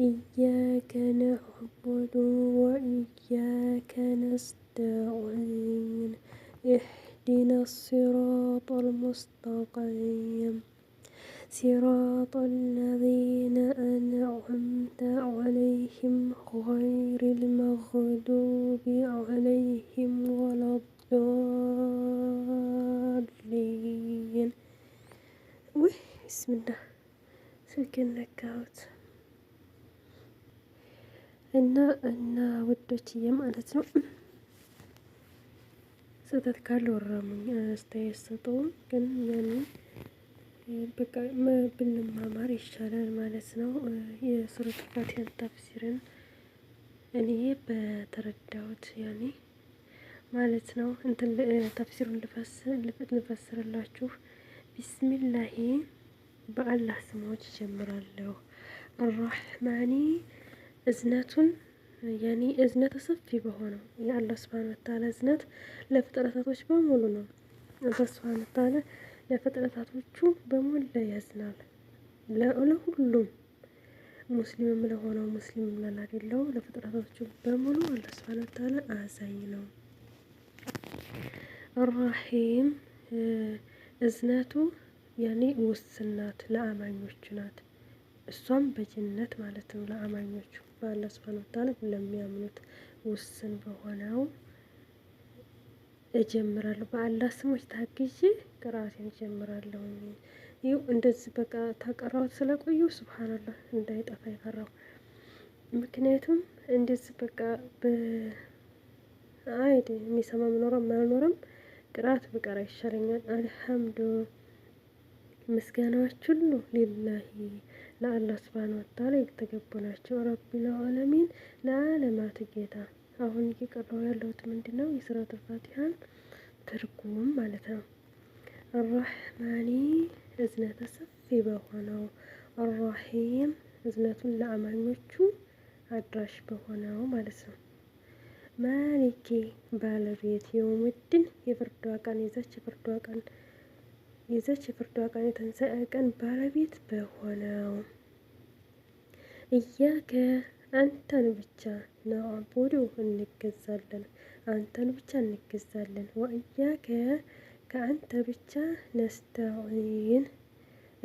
إياك نعبد وإياك نستعين اهدنا الصراط المستقيم صراط الذين أنعمت عليهم غير المغضوب عليهم ولا الضالين بسم الله سكنك اوت እና እና ውዶችዬ ማለት ነው ስህተት ካለ ወረሙኝ አስተያየት ሰጠውም ግን ያንን በቃ ብንማማር ይሻላል ማለት ነው። የሱረቱል ፋቲሃን ተፍሲርን እኔ በተረዳሁት ያኔ ማለት ነው እንትን ተፍሲሩን ልፈስርላችሁ። ቢስሚላሂ በአላህ ስሞች ይጀምራለሁ አራሕማኒ እዝነቱን ያኔ እዝነተ ሰፊ በሆነው የአላህ ስብሃነ ወተዓላ እዝነት ለፍጥረታቶች በሙሉ ነው። አላህ ስብሃነ ወተዓላ ለፍጥረታቶቹ በሙሉ ያዝናል። ለሁሉም ሙስሊምም ለሆነው ሙስሊምም ላላደለው ለፍጥረታቶቹ በሙሉ አላህ ስብሃነ ወተዓላ አዛኝ ነው። ራሒም እዝነቱ ያኔ ውስን ናት፣ ለአማኞች ናት። እሷም በጀነት ማለት ነው ለአማኞቹ በአላህ ስብሃነ ወተዓላ ለሚያምኑት ውስን በሆነው እጀምራለሁ። በአላህ ስሞች ታግዤ ቅርአቴን እጀምራለሁ። ይኸው እንደዚህ በቃ ታቀራሁት ስለቆዩ ሱብሃነላህ እንዳይጠፋ የፈራው ምክንያቱም እንደዚህ በቃ አይድ የሚሰማ መኖረም አልኖረም ቅርአት ብቀራ ይሻለኛል። አልሐምዱ ምስጋናዎች ሁሉ ሊላሂ ለአላህ ስብሃነ ወተዓላ የተገቡ ናቸው። ረቢል ዓለሚን ለዓለማት ጌታ። አሁን እየቀረው ያለሁት ምንድን ነው? የሱረቱል ፋቲሃን ትርጉም ማለት ነው። አራሕማኒ እዝነተ ሰፊ በሆነው አራሒም እዝነቱን ለአማኞቹ አድራሽ በሆነው ማለት ነው። ማሊኪ ባለቤት የውምድን የፍርዷ ቀን የዛች የፍርዷ ቀን የዘች የፍርዷ ቀን የተንሰአ ቀን ባለቤት በሆነው እያከ አንተን ብቻ አቦዶ እንገዛለን፣ አንተን ብቻ እንገዛለን። ወእያከ ከአንተ ብቻ ነስተዒን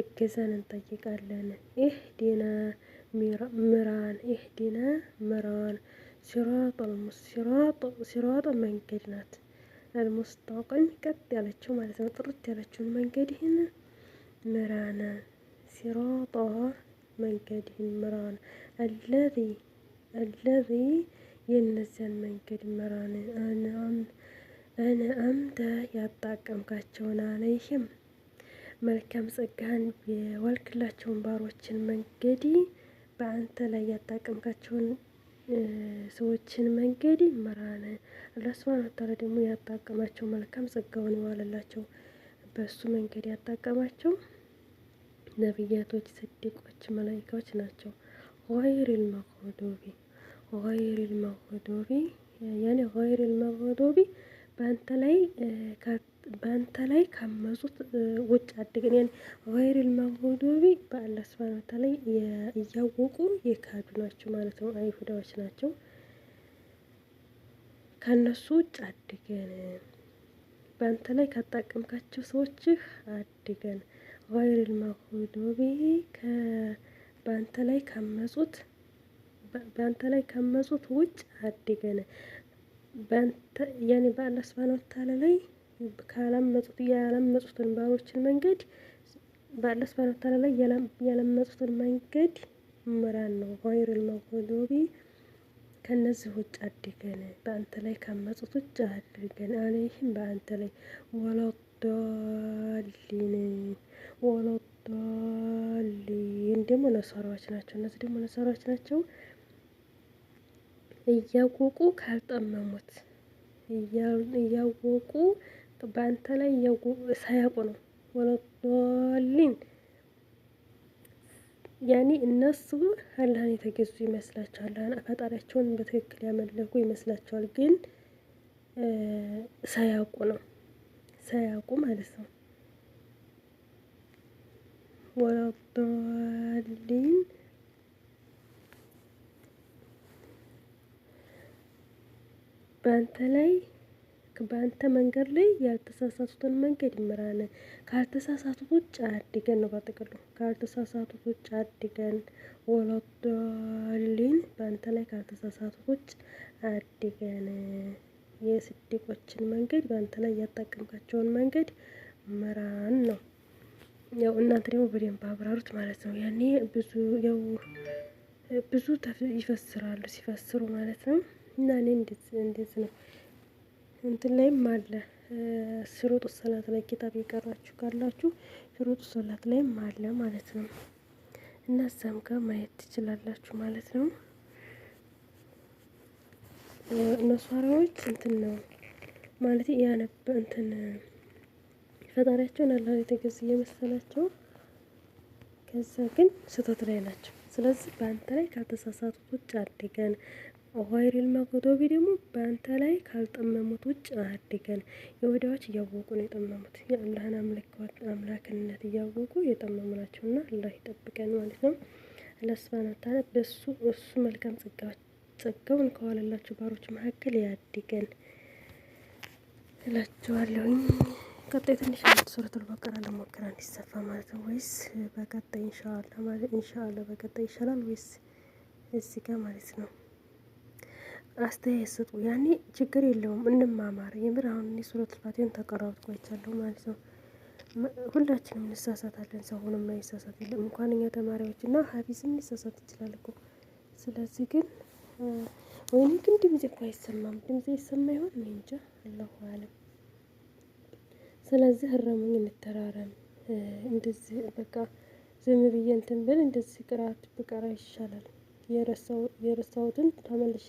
እገዛን እንጠይቃለን። ኢህዲና ምራን ኢህዲና ምራን ሲራጥ መንገድ ናት። አልሞስታውቀ ቀጥ ያለችው ማለት ነው። ጥርት ያለችውን መንገድ ይህን ምራነ ሲራጣ ይህን ምራነ አለዚ አለዚ የእነዚያን መንገድ ምራነ አነ አምተ ያጣቀምካቸውን አለይህም መልካም ጸጋህን የወልክላቸውን ባሮችን መንገድ በአንተ ላይ ያጣቀምካቸውን ሰዎችን መንገድ ይመራን። አላህ ሱብሓነሁ ወተዓላ ደግሞ ያጣቀማቸው መልካም ጸጋውን ይዋለላቸው። በእሱ መንገድ ያጣቀማቸው ነቢያቶች፣ ስዲቆች፣ መላይካዎች ናቸው። ገይሪል መግዱቢ ገይሪል መግዱቢ ያኔ ገይሪል መግዱቢ በአንተ ላይ በአንተ ላይ ካመጹት ውጭ አድግን ያን ቫይረል መሆዶቢ በአላህ ሱብሃነሁ ወተዓላ ላይ እያወቁ የካዱ ናቸው ማለት ነው። አይሁዳዎች ናቸው። ከነሱ ውጭ አድገን፣ በአንተ ላይ ካጣቀምካቸው ሰዎችህ አድገን። ቫይረል መሆዶቢ በአንተ ላይ ካመጹት በአንተ ላይ ካመጹት ውጭ አድገን። በአንተ ያኔ በአላህ ሱብሃነሁ ወተዓላ ላይ ካላመጹት ያላመጹትን ባሎችን መንገድ በአላህ ሱብሓነሁ ወተዓላ ላይ ያላመጹትን መንገድ ምራን ነው። ገይሩል መግዱቢ ከነዚህ ውጭ አድርገን በአንተ ላይ ካመጹት ውጭ አድርገን አለይህም በአንተ ላይ ወለዶሊን ወለዶሊን ደግሞ ነሰራዎች ናቸው። እነዚህ ደግሞ ነሰራዎች ናቸው። እያወቁ ካልጠመሙት እያወቁ በአንተ ላይ ሳያውቁ ነው ወለዶሊን ያኔ እነሱ አላህን የተገዙ ይመስላቸዋል። ፈጣሪያቸውን በትክክል ያመለኩ ይመስላቸዋል። ግን ሳያውቁ ነው ሳያውቁ ማለት ነው። ወለሊን በአንተ ላይ በአንተ መንገድ ላይ ያልተሳሳቱትን መንገድ ይምራን። ካልተሳሳቱት ውጭ አድገን ነው። በጥቅሉ ካልተሳሳቱ ውጭ አድገን። ወለዶሊን በአንተ ላይ ካልተሳሳቱ ውጭ አድገን። የስድቆችን መንገድ በአንተ ላይ ያጠቀምካቸውን መንገድ ምራን ነው። ያው እናንተ ደግሞ በደንብ አብራሩት ማለት ነው። ያኔ ብዙ ያው ብዙ ይፈስራሉ ሲፈስሩ ማለት ነው እና እኔ እንዴት ነው እንትን ላይም አለ ሽሩጡ ሰላት ላይ ኪታብ የቀራችሁ ካላችሁ ሽሩጡ ሰላት ላይም አለ ማለት ነው። እና እዛም ጋር ማየት ትችላላችሁ ማለት ነው። ነሷራዎች እንትን ነው ማለት ያነበ እንትን ፈጣሪያቸውን አላህ የተገዝ እየመሰላቸው ከዛ ግን ስህተት ላይ ናቸው። ስለዚህ በአንተ ላይ ካልተሳሳቱት ውጭ አድገን ሆይሪል መጎዶቢ ደግሞ በአንተ ላይ ካልጠመሙት ውጭ አድገን። የወዳዎች እያወቁ ነው የጠመሙት። የአላህን አምላክነት እያወቁ የጠመሙ ናቸው ናቸውና አላህ ይጠብቀን ማለት ነው። አላህ ስብሃነ ወተዓላ በሱ እሱ መልካም ጸጋውን ከዋለላቸው ባሮች መካከል ያድገን እላቸዋለሁኝ። ቀጣይ ትንሽ አንድ ሱረቱል በቀራ ለሞከራ እንዲሰፋ ማለት ነው ወይስ በቀጣይ ኢንሻአላህ ማለት ኢንሻአላህ በቀጣይ ይሻላል ወይስ እዚህ ጋር ማለት ነው። አስተያየት ስጡ። ያኔ ችግር የለውም እንማማር። የምር አሁን እኔ ሱረቱል ፋቲሃን ተቀራውት ቆይቻለሁ ማለት ነው። ሁላችንም እንሳሳታለን። ሰው ሆኖ የማይሳሳት የለም። እንኳን እኛ ተማሪዎች እና ሀቢዝም እንሳሳት ይችላል እኮ። ስለዚህ ግን ወይኔ ግን ድምጽ እኮ አይሰማም። ድምጽ ይሰማ ይሆን እኔ እንጃ፣ አላሁ አለም። ስለዚህ እረሙኝ፣ እንተራረም። እንደዚህ በቃ ዝም ብዬ እንትን ብል እንደዚህ ቅራት ብቀራ ይሻላል። የረሳሁትን ተመልሼ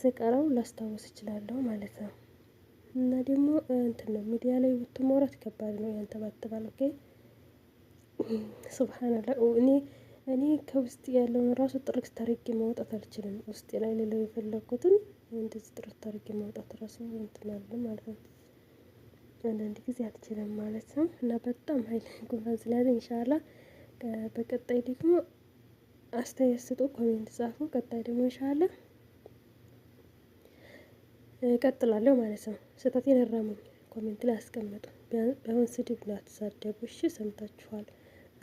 ስቀረው ላስታውስ እችላለሁ ማለት ነው። እና ደግሞ እንትን ነው ሚዲያ ላይ ወጥቶ ማውራት ከባድ ነው ባትባል ግን ሱብሃንላ እኔ እኔ ከውስጥ ያለውን ራሱ ጥርቅ ታሪክ ማውጣት አልችልም። ውስጥ ላይ ሌለው የፈለግኩትን እንደዚህ ጥርቅ ታሪክ ማውጣት ራሱ እንትናለ ማለት ነው። አንዳንድ ጊዜ አልችልም ማለት ነው። እና በጣም ሀይል ጉንፋን ስለያዘ ኢንሻላህ በቀጣይ ደግሞ አስተያየት ስጡ፣ ኮሜንት ጻፉ። ቀጣይ ደግሞ ኢንሻላህ ቀጥላለሁ ማለት ነው። ስህተቴን እረሙኝ፣ ኮሜንት ላይ አስቀምጡ። በሆን ስድብ ነው አትሳደቡ። እሺ ሰምታችኋል።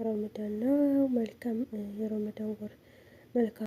ረመዳን ነው። መልካም የረመዳን ወር መልካም